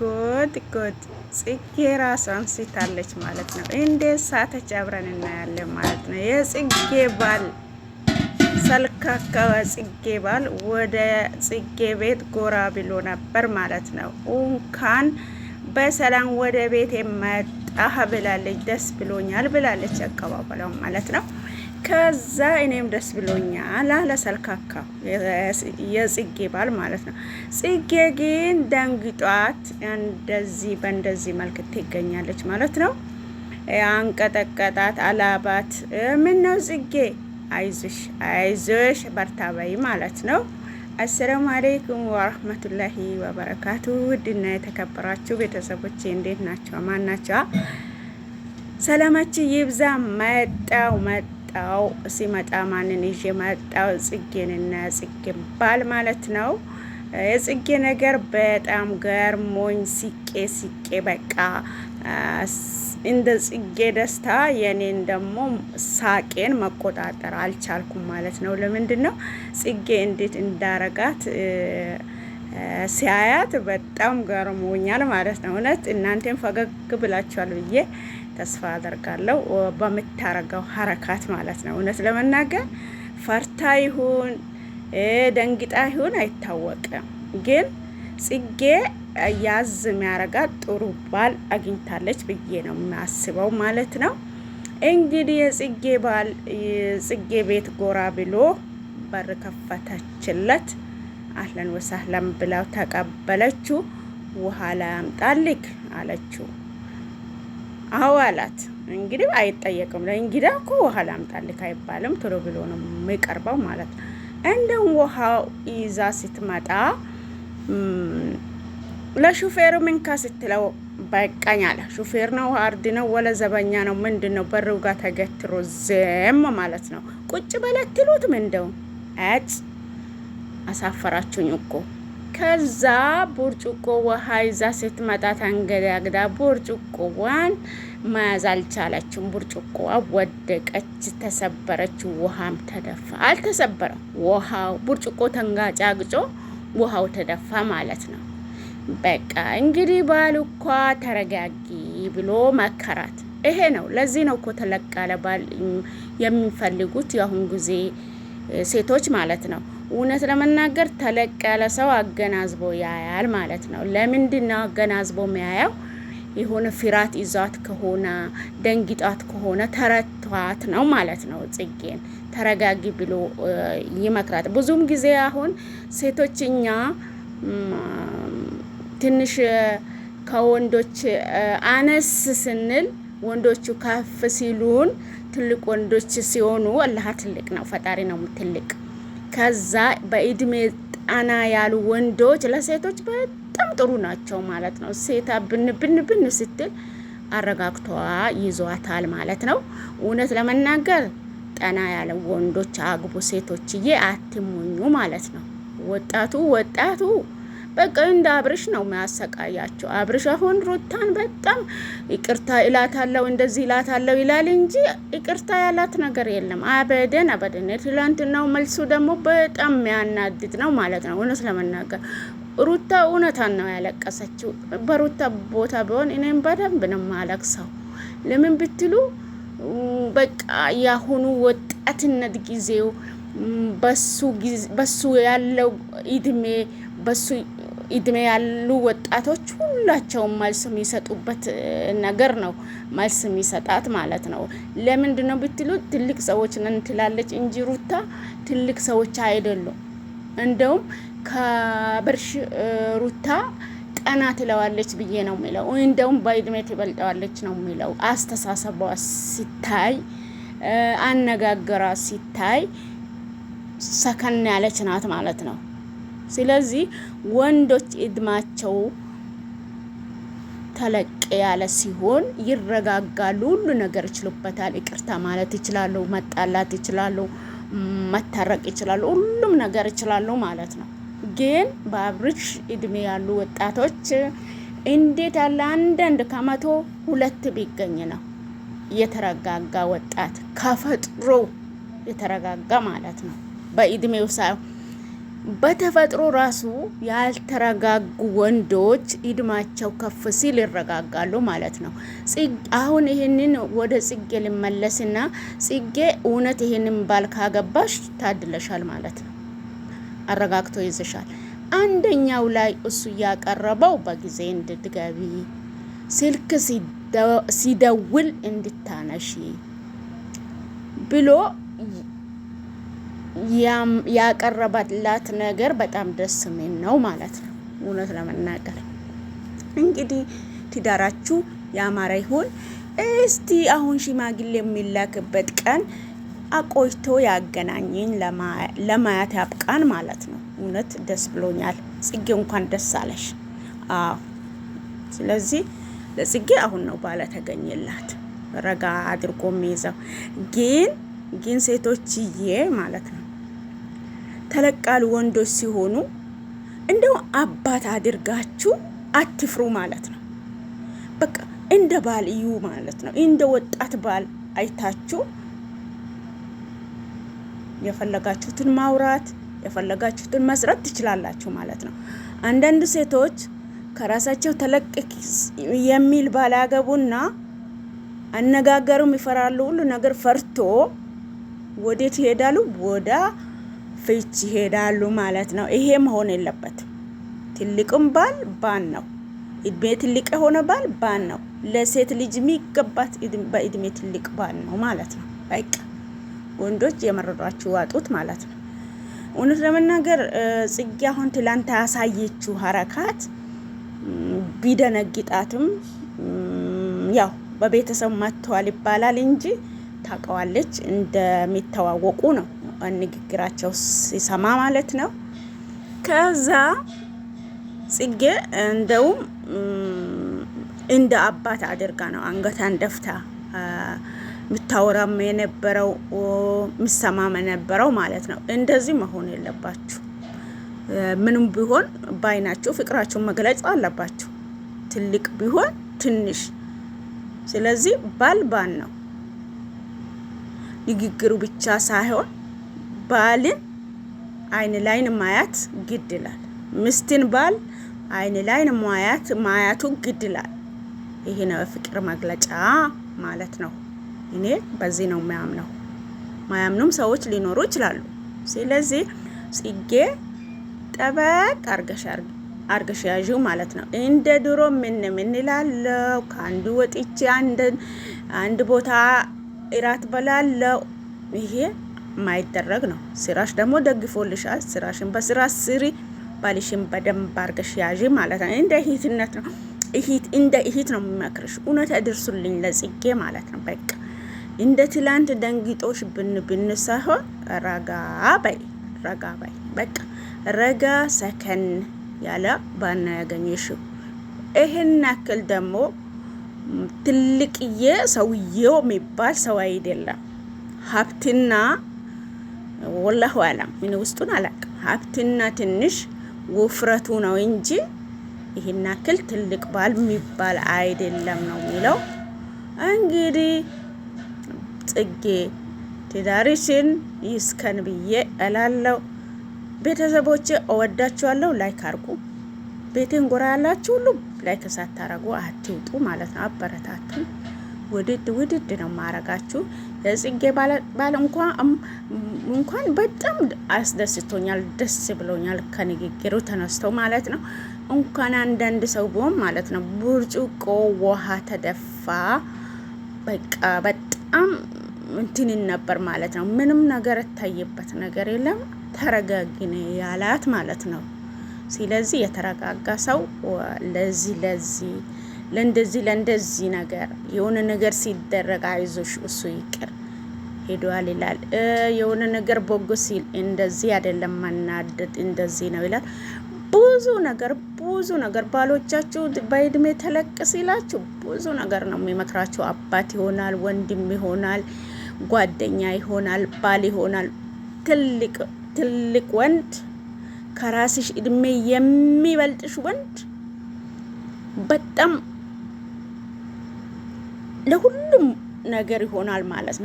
ጎድ ጎድ ጽጌ ራሷን ስታለች ማለት ነው። እንዴ ሳተች? አብረን እናያለን ማለት ነው። የጽጌ ባል ሰልካካ ጽጌ ባል ወደ ጽጌ ቤት ጎራ ብሎ ነበር ማለት ነው። እንኳን በሰላም ወደ ቤት የመጣህ ብላለች። ደስ ብሎኛል ብላለች አቀባበለው ማለት ነው። ከዛ እኔም ደስ ብሎኛል አለ ሰልካካ የጽጌ ባል ማለት ነው። ጽጌ ግን ደንግጧት እንደዚህ በእንደዚህ መልክ ትገኛለች ማለት ነው። አንቀጠቀጣት፣ አላባት። ምን ነው ጽጌ አይዞሽ አይዞሽ በርታ በይ ማለት ነው። አሰላሙ አሌይኩም ወረህመቱላሂ ወበረካቱ። ውድና የተከበራችሁ ቤተሰቦቼ እንዴት ናቸው? ማን ናቸዋ? ሰላማችሁ ይብዛ። መጣው መጣ መጣው። ሲመጣ ማንን ይዤ መጣው? ጽጌንና ጽጌ ባል ማለት ነው። የጽጌ ነገር በጣም ገርሞኝ ሲቄ ሲቄ በቃ እንደ ጽጌ ደስታ የኔን ደግሞ ሳቄን መቆጣጠር አልቻልኩም ማለት ነው። ለምንድን ነው ጽጌ እንዴት እንዳረጋት ሲያያት በጣም ገርሞኛል ማለት ነው። እውነት እናንተን ፈገግ ብላችኋል ብዬ ተስፋ አደርጋለሁ በምታረገው ሀረካት ማለት ነው። እውነት ለመናገር ፈርታ ይሁን ደንግጣ ይሁን አይታወቅም፣ ግን ጽጌ ያዝ የሚያረጋት ጥሩ ባል አግኝታለች ብዬ ነው የሚያስበው ማለት ነው። እንግዲህ የጽጌ ባል ጽጌ ቤት ጎራ ብሎ በር ከፈተችለት። አህለን ወሳህለን ብላው ተቀበለችው። ውሃ አምጣልክ አለችው። አዎ አላት። እንግዲህ አይጠየቅም። ለእንግዳ እኮ ውሃ ላምጣልህ አይባልም። ቶሎ ብሎ ነው የሚቀርበው ማለት ነው። እንደውም ውሃ ይዛ ስትመጣ ለሹፌሩ ምን ከስትለው በቃኝ አለ። ሹፌር ነው አርድ ነው ወለ ዘበኛ ነው ምንድን ነው? በሩ ጋር ተገትሮ ዘም ማለት ነው። ቁጭ በለት ትሉት ምን አጭ አሳፈራችሁኝ እኮ ከዛ ብርጭቆ ውሃ ይዛ ስትመጣ ተንገዳግዳ ብርጭቆዋን መያዝ አልቻለችም። ብርጭቆዋ ወደቀች፣ ተሰበረች። ውሃም ተደፋ። አልተሰበረም፣ ውሃው ብርጭቆ ተንጋጫግጮ ውሃው ተደፋ ማለት ነው። በቃ እንግዲህ ባል እኳ ተረጋጊ ብሎ መከራት። ይሄ ነው። ለዚህ ነው እኮ ተለቃለ ባል የሚፈልጉት የአሁን ጊዜ ሴቶች ማለት ነው። እውነት ለመናገር ተለቅ ያለ ሰው አገናዝቦ ያያል ማለት ነው። ለምንድን ነው አገናዝቦ የሚያየው? የሆነ ፍርሃት ይዟት ከሆነ ደንግጧት ከሆነ ተረቷት ነው ማለት ነው። ጽጌን ተረጋጊ ብሎ ይመክራት። ብዙም ጊዜ አሁን ሴቶች እኛ ትንሽ ከወንዶች አነስ ስንል ወንዶቹ ከፍ ሲሉን ትልቅ ወንዶች ሲሆኑ አላህ ትልቅ ነው፣ ፈጣሪ ነው ትልቅ ከዛ በእድሜ ጣና ያሉ ወንዶች ለሴቶች በጣም ጥሩ ናቸው ማለት ነው። ሴታ ብን ብን ብን ስትል አረጋግቷ ይዟታል ማለት ነው። እውነት ለመናገር ጠና ያለ ወንዶች አግቡ ሴቶችዬ፣ አትሞኙ ማለት ነው። ወጣቱ ወጣቱ በቃ እንደ አብርሽ ነው የሚያሰቃያቸው። አብርሽ አሁን ሩታን በጣም ይቅርታ እላታለሁ እንደዚህ እላታለሁ ይላል እንጂ ይቅርታ ያላት ነገር የለም። አበደን አበደን። የትላንትናው መልሱ ደግሞ በጣም የሚያናድድ ነው ማለት ነው። እውነት ለመናገር ሩታ እውነታን ነው ያለቀሰችው። በሩታ ቦታ ቢሆን እኔም በደንብ ነው የማለቅሰው። ለምን ብትሉ በቃ ያሁኑ ወጣትነት ጊዜው በሱ ያለው እድሜ በሱ እድሜ ያሉ ወጣቶች ሁላቸውም መልስ የሚሰጡበት ነገር ነው። መልስ የሚሰጣት ማለት ነው። ለምንድን ነው ብትሉ ትልቅ ሰዎች ነን ትላለች እንጂ ሩታ ትልቅ ሰዎች አይደሉም። እንደውም ከብርሽ ሩታ ጠና ትለዋለች ብዬ ነው የሚለው። እንደውም በእድሜ ትበልጠዋለች ነው የሚለው። አስተሳሰቧ ሲታይ፣ አነጋገሯ ሲታይ ሰከን ያለች ናት ማለት ነው። ስለዚህ ወንዶች እድማቸው ተለቅ ያለ ሲሆን ይረጋጋሉ። ሁሉ ነገር ይችሉበታል። ይቅርታ ማለት ይችላሉ፣ መጣላት ይችላሉ፣ መታረቅ ይችላሉ፣ ሁሉም ነገር ይችላሉ ማለት ነው። ግን በአብርሽ እድሜ ያሉ ወጣቶች እንዴት ያለ አንዳንድ ከመቶ ሁለት ቢገኝ ነው የተረጋጋ ወጣት ከፈጥሮ የተረጋጋ ማለት ነው በእድሜው ሳይሆን በተፈጥሮ ራሱ ያልተረጋጉ ወንዶች እድማቸው ከፍ ሲል ይረጋጋሉ ማለት ነው። አሁን ይህንን ወደ ጽጌ ልመለስና ጽጌ እውነት ይህንን ባል ካገባሽ ታድለሻል ማለት ነው። አረጋግቶ ይዝሻል። አንደኛው ላይ እሱ እያቀረበው በጊዜ እንድትገቢ ስልክ ሲደውል እንድታነሺ ብሎ ያቀረባላት ነገር በጣም ደስ የሚል ነው ማለት ነው። እውነት ለመናገር እንግዲህ ትዳራችሁ ያማረ ይሁን። እስቲ አሁን ሽማግሌ የሚላክበት ቀን አቆይቶ ያገናኘኝ ለማያት ያብቃን ማለት ነው። እውነት ደስ ብሎኛል። ጽጌ እንኳን ደስ አለሽ። ስለዚህ ለጽጌ አሁን ነው ባለ ተገኘላት። ረጋ አድርጎ የሚይዘው ግን ግን ሴቶችዬ ማለት ነው ተለቃሉ ወንዶች ሲሆኑ እንደው አባት አድርጋችሁ አትፍሩ ማለት ነው። በቃ እንደ ባል እዩ ማለት ነው። እንደ ወጣት ባል አይታችሁ የፈለጋችሁትን ማውራት የፈለጋችሁትን መስራት ትችላላችሁ ማለት ነው። አንዳንድ ሴቶች ከራሳቸው ተለቅ የሚል ባል ያገቡና አነጋገሩም ይፈራሉ። ሁሉ ነገር ፈርቶ ወዴት ይሄዳሉ? ወዳ ፍች ይሄዳሉ ማለት ነው። ይሄ መሆን የለበትም። ትልቅም ባል ባን ነው። እድሜ ትልቅ የሆነ ባል ባን ነው። ለሴት ልጅ የሚገባት በእድሜ ትልቅ ባል ነው ማለት ነው። በቃ ወንዶች የመረሯችሁ ዋጡት ማለት ነው። እውነት ለመናገር ጽጌ አሁን ትላንት ያሳየችው ሀረካት ቢደነግጣትም ያው በቤተሰብ መጥተዋል ይባላል እንጂ ታውቀዋለች እንደሚተዋወቁ ነው። ንግግራቸው ሲሰማ ማለት ነው። ከዛ ጽጌ እንደውም እንደ አባት አድርጋ ነው አንገቷን ደፍታ ምታወራም የነበረው ምሰማም የነበረው ማለት ነው። እንደዚህ መሆን የለባችሁ። ምንም ቢሆን ባይናችሁ ፍቅራችሁን መግለጽ አለባችሁ። ትልቅ ቢሆን ትንሽ። ስለዚህ ባል ባል ነው፣ ንግግሩ ብቻ ሳይሆን ባልን አይን ላይን ማያት ግድ ይላል። ምስትን ባል አይን ላይን ማያት ማያቱ ግድ ይላል። ይሄ ነው የፍቅር መግለጫ ማለት ነው። እኔ በዚህ ነው የማያምነው። ማያምኑም ሰዎች ሊኖሩ ይችላሉ። ስለዚህ ጽጌ ጠበቅ አርገሽ አርገሽ ያዥው ማለት ነው። እንደ ድሮ ምን ምን እላለሁ ከአንዱ ወጥቼ አንድ ቦታ እራት በላለው ይሄ ማይደረግ ነው። ስራሽ ደግሞ ደግፎልሻል። ስራሽን በስራ ስሪ፣ ባልሽን በደንብ አርገሽ ያዥ ማለት ነው። እንደ እህትነት ነው፣ እንደ እህት ነው የሚመክርሽ። እውነት እድርሱልኝ ለጽጌ ማለት ነው። በቃ እንደ ትላንት ደንግጦሽ ብን ብን ሳይሆን ረጋ በይ፣ ረጋ በይ። በቃ ረጋ ሰከን ያለ ባና ያገኘሽው ይህን ያክል ደግሞ ትልቅዬ ሰውዬው የሚባል ሰው አይደለም። ሀብትና ወላሁ አላም ምን ውስጡን አላቅም። ሀብትና ትንሽ ውፍረቱ ነው እንጂ ይህን ያክል ትልቅ ባል የሚባል አይደለም ነው የሚለው። እንግዲህ ጽጌ ትዳርሽን ይስከን ብዬ እላለሁ። ቤተሰቦች እወዳችኋለሁ። ላይክ አርጉ። ቤቴን ጎራ ያላችሁ ሁሉ ላይክ ሳታረጉ አትውጡ ማለት ነው። አበረታቱ። ውድድ ውድድ ነው ማረጋችሁ። ጽጌ ባል እንኳን በጣም አስደስቶኛል፣ ደስ ብሎኛል። ከንግግሩ ተነስተው ማለት ነው። እንኳን አንዳንድ ሰው ቢሆን ማለት ነው ብርጭቆ ውሃ ተደፋ። በቃ በጣም እንትንን ነበር ማለት ነው። ምንም ነገር እታየበት ነገር የለም። ተረጋግነ ያላት ማለት ነው። ስለዚህ የተረጋጋ ሰው ለዚህ ለዚህ ለእንደዚህ ለእንደዚህ ነገር የሆነ ነገር ሲደረግ አይዞሽ እሱ ይቅር ሄደዋል ይላል። የሆነ ነገር በጎ ሲል እንደዚህ አይደለም ማናደድ እንደዚህ ነው ይላል። ብዙ ነገር ብዙ ነገር ባሎቻችሁ በእድሜ ተለቅ ሲላችሁ ብዙ ነገር ነው የሚመክራችሁ። አባት ይሆናል፣ ወንድም ይሆናል፣ ጓደኛ ይሆናል፣ ባል ይሆናል። ትልቅ ትልቅ ወንድ ከራስሽ እድሜ የሚበልጥሽ ወንድ በጣም ለሁሉም ነገር ይሆናል ማለት ነው።